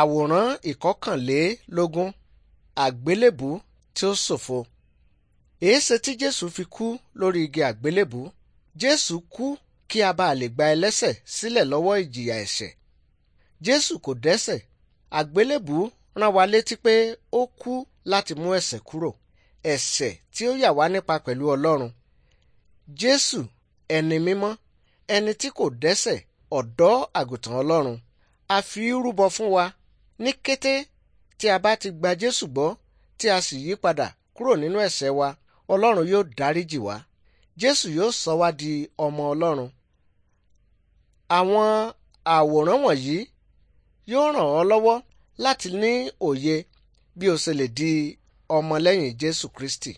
àwòrán ìkọkànlélógún àgbélébù tí ó ṣòfo èéṣe tí jésù fi kú lórí igi àgbélébù jésù kú kí a bá lè gba ẹlẹ́ṣẹ̀ sílẹ̀ lọ́wọ́ ìjìyà ẹ̀ṣẹ̀ jésù kò dẹ́ṣẹ̀ àgbélébù rán wa létí pé ó kú láti mú ẹ̀ṣẹ̀ kúrò ẹ̀ṣẹ̀ tí ó yà wá nípa pẹ̀lú ọlọ́run jésù ẹni mímọ́ ẹni tí kò dẹ́ṣẹ̀ ọ̀dọ́ àgùntàn ọlọ́run a fi rúbọ fún wa ní kété tí a bá ti gba Jésù gbọ́ tí a sì yí padà kúrò nínú ẹ̀ṣẹ̀ wa Ọlọ́run yóò dáríjì wá Jésù yóò sọ wá di ọmọ Ọlọ́run àwọn àwòrán wọ̀nyí yóò ràn ọ́ lọ́wọ́ láti ní òye bí o ṣe lè di ọmọlẹ́yìn Jésù Kristi.